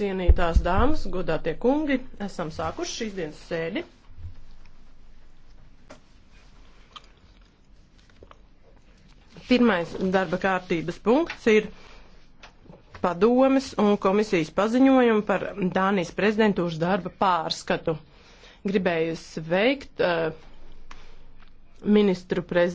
Cienītās dāmas, godātie kungi, esam sākuši šīs dienas sēdi. Pirmais darba kārtības punkts ir padomes un komisijas paziņojumu par Dānijas prezidentūras darba pārskatu. Gribēju sveikt uh, ministru prezidentu.